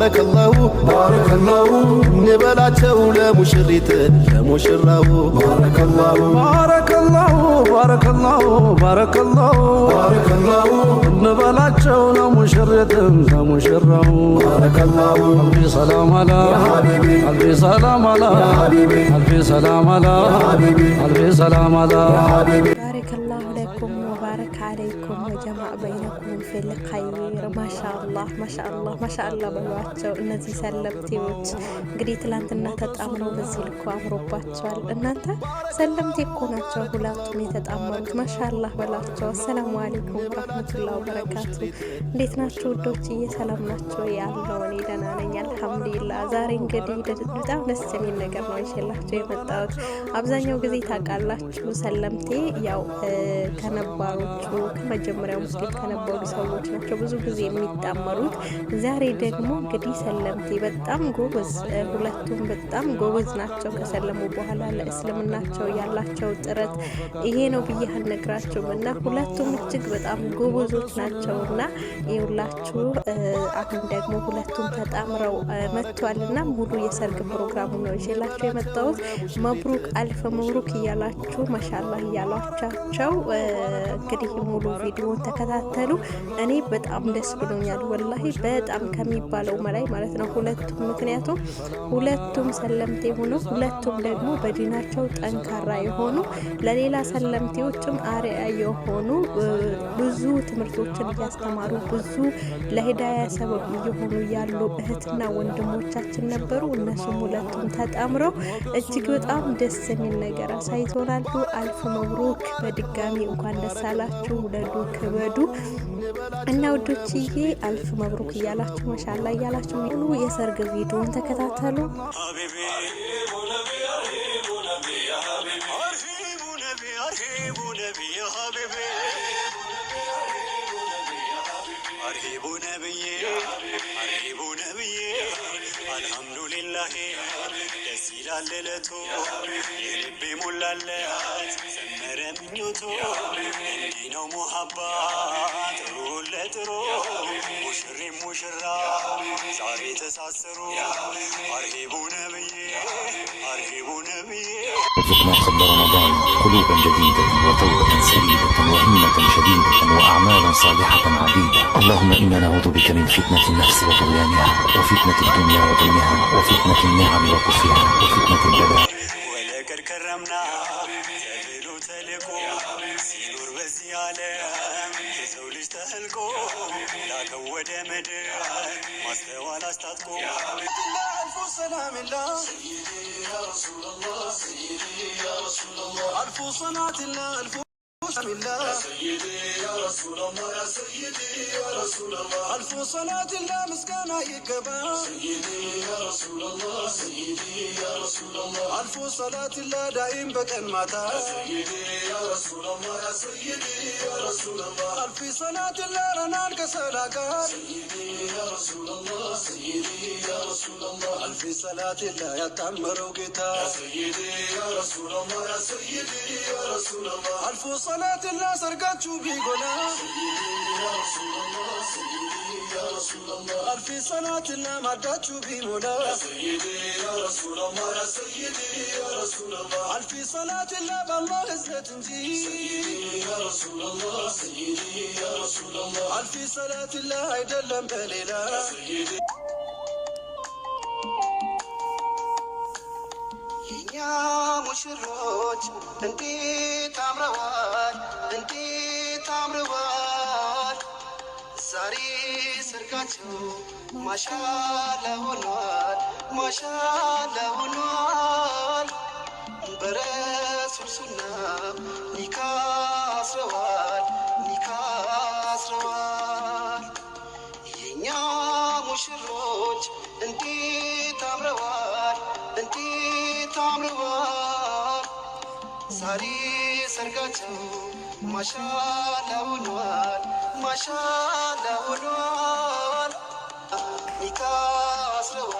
ባረከላሁ ባረከላሁ እንበላቸው ለሙሽሪት ለሙሽራው ባረከላሁ ባረከላሁ ባረከላሁ ባረከላሁ ባረከላሁ እንበላቸው ለሙሽሪትም ለሙሽራው ባረከላሁ አልፊ ሰላም አላ አልፊ ሰላም አላ አልፊ ሰላም አላ አልፊ ሰላም አላ ማሻአላህ ማሻአላህ ማሻአላህ በሏቸው። እነዚህ ሰለምቴዎች እንግዲህ ትላንትና ተጣምረው በዚህ ልኮ አምሮባቸዋል። እናንተ ሰለምቴ እኮ ናቸው ሁለቱም የተጣመሩት። ማሻአላህ በሏቸው። አሰላሙ አሌይኩም ወራህመቱላሂ ወበረካቱ። እንዴት ናቸው ውዶች? እየሰላም ናቸው ያለው እኔ ደህና ነኝ አልሐምዱሊላህ። ዛሬ እንግዲህ በጣም ደስ የሚል ነገር ነው ይዤላችሁ የመጣሁት። አብዛኛው ጊዜ ታውቃላችሁ ሰለምቴ ያው ከነባሮቹ ከመጀመሪያው ሙስሊም ከነበሩ ሰዎች ናቸው ብዙ ጊዜ የሚ የሚጣመሩት። ዛሬ ደግሞ እንግዲህ ሰለምቴ በጣም ጎበዝ፣ ሁለቱም በጣም ጎበዝ ናቸው። ከሰለሙ በኋላ ለእስልምናቸው ያላቸው ጥረት ይሄ ነው ብዬ አልነግራቸውም እና ሁለቱም እጅግ በጣም ጎበዞች ናቸው እና ይሁላችሁ። አሁን ደግሞ ሁለቱም ተጣምረው መጥቷል እና ሙሉ የሰርግ ፕሮግራሙ ነው ይዤላቸው የመጣሁት። መብሩክ አልፈ መብሩክ እያላችሁ መሻላ እያሏቻቸው እንግዲህ ሙሉ ቪዲዮን ተከታተሉ። እኔ በጣም ደስ ብሎ ገርሞኛል። ወላሂ በጣም ከሚባለው መላይ ማለት ነው። ሁለቱም ምክንያቱም ሁለቱም ሰለምቴ ሆኖ ሁለቱም ደግሞ በዲናቸው ጠንካራ የሆኑ ለሌላ ሰለምቴዎችም አርአያ የሆኑ ብዙ ትምህርቶችን እያስተማሩ ብዙ ለሂዳያ ሰበብ እየሆኑ ያሉ እህትና ወንድሞቻችን ነበሩ። እነሱም ሁለቱም ተጣምረው እጅግ በጣም ደስ የሚል ነገር አሳይቶናሉ። አልፍ መብሩክ በድጋሚ እንኳን ደስ አላችሁ። ውለዱ፣ ክበዱ። እና ውዶችዬ አልፍ መብሩክ እያላችሁ መሻላ እያላችሁ ሙሉ የሰርግ ቪዲዮን ተከታተሉ። ሀቢቡ ነብዬ አልሐምዱሊላህ ደስ ይላል እለቱ የልቤ ሞላለት ዘመረ ምኞቱ እንዲህ ነው ሙሀባ ጥሩን ለጥሩ ሙሽሪ ሙሽራ قبل رمضان قلوبا جديدة وتوبة سديدة وهمة شديدة وأعمالا صالحة عديدة اللهم إنا نعوذ بك من فتنة النفس وطغيانها وفتنة الدنيا وظلمها وفتنة النعم وكفرها وفتنة البلاء كرمنا تبلو تلقو سنور بزيالة ተልቆ ላከው ወደ ምድር ማስተዋል አስታጥቆ አልፎ ሰላምላ አልፎ ሰናትና አልፎ አልፎ ሰላትና ምስጋና ይገባ አልፎ ሰላት ላዳይም በቀን ማታ አልፊ ሰላት ላረናን ከሰላቃል አልፊ ሰላት ላያጣመረው ጌታ አልፎ ሰላት ላሰርጋችሁ ቢጎላ አልፊ ሰላት ላማዳችሁ ቢሞላ አልፊ ሰላት ላ በአላህ እንጂ አልፊ ሰላት አይደለም በሌላ የኛ ሙሽሮች እንዴት አምረዋል፣ እንዴት አምረዋል። ዛሬ ሰርጋቸው ማሻላ ሆኗል። ማሻአላ ውሏል። በረሱል ኒካ አስረዋል፣ ኒካ አስረዋል። የእኛ ሙሽሮች እንዴት አምረዋል፣ እንዴት አምረዋል። ዛሬ ሰርጋቸው ማሻአላ ውሏል፣ ማሻአላ ውሏል፣ ኒካ አስረዋል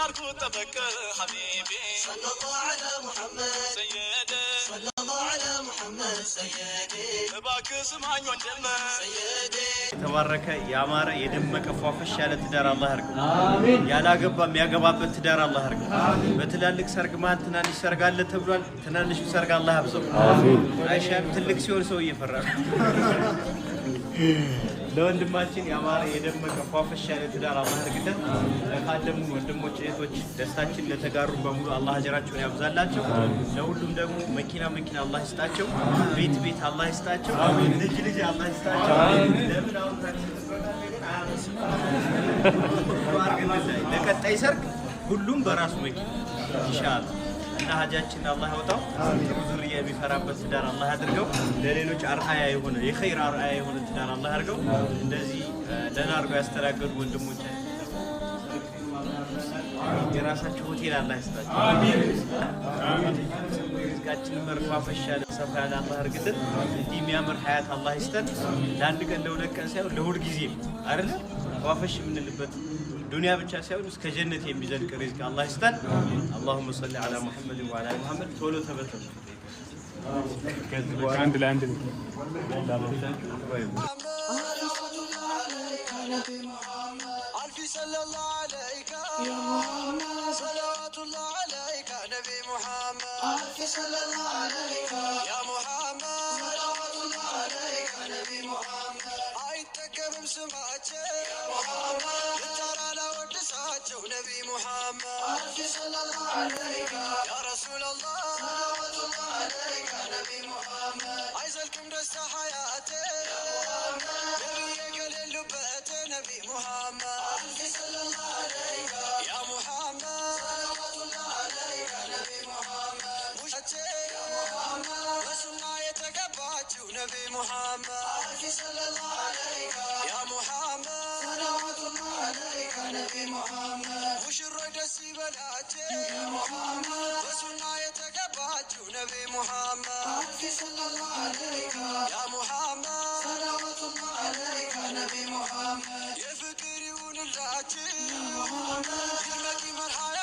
ناركو የተባረከ ያማረ የደመቀ ፏፈሽ ያለ ትዳር አላህ ያርግ። ያላገባ የሚያገባበት ትዳር አላህ ያርግ። በትላልቅ ሰርግ መሀል ትናንሽ ሰርግ አለ ተብሏል። ትናንሹ ሰርግ አላህ ያብሰው። አይሻም ትልቅ ሲሆን ሰው እየፈራ ነው። ለወንድማችን ያማረ የደመቀ ፏፈሻ ያለ ትዳር አላህ ያድርግለት። ካደሙ ወንድሞች እህቶች፣ ደስታችን ለተጋሩ በሙሉ አላህ አጀራቸውን ያብዛላቸው። ለሁሉም ደግሞ መኪና መኪና አላህ ይስጣቸው፣ ቤት ቤት አላህ ይስጣቸው፣ ልጅ ልጅ አላህ ይስጣቸው። ለምን አሁን ለቀጣይ ሰርግ ሁሉም በራሱ መኪና ይሻላል። እና ሀጃችን አላህ ያውጣው። ጥሩ ዙርያ የሚፈራበት ትዳር አላህ አድርገው። ለሌሎች አርአያ የሆነ የኸይር አርአያ የሆነ ትዳር አላህ አድርገው። እንደዚህ ደህና አድርገው ያስተናገዱ ወንድሞች የራሳቸው ሆቴል አላህ ይስጣቸው። ሪዝቃችንን መርፋፈሻ ሰፋ ያለ አላህ አድርግልን። እንዲህ የሚያምር ሀያት አላህ ይስጠን። ለአንድ ቀን ለሁለት ቀን ሳይሆን ለሁል ጊዜ አይደለ ዋፈሽ የምንልበት ዱንያ ብቻ ሳይሆን እስከ ጀነት የሚዘልቅ ሪዝቅ አላህ ይስጠን። አላሁመ ሰሊ አላ ሙሐመድ ወአላ ሙሐመድ። ቶሎ ተበተኑ። አንድ ለአንድ አይጠቀምም ስማቸው الحج نبي محمد صلى الله عليك يا رسول الله صلوات الله عليك نبي محمد عايز الكمدس حياتي يا محمد نبيك للبأت نبي محمد صلى الله عليك رسولنا يتقبعك ونبي محمد يا محمد صلوات الله عليك نبي محمد يا فكري ونلعك يا محمد خدمتي مرحلة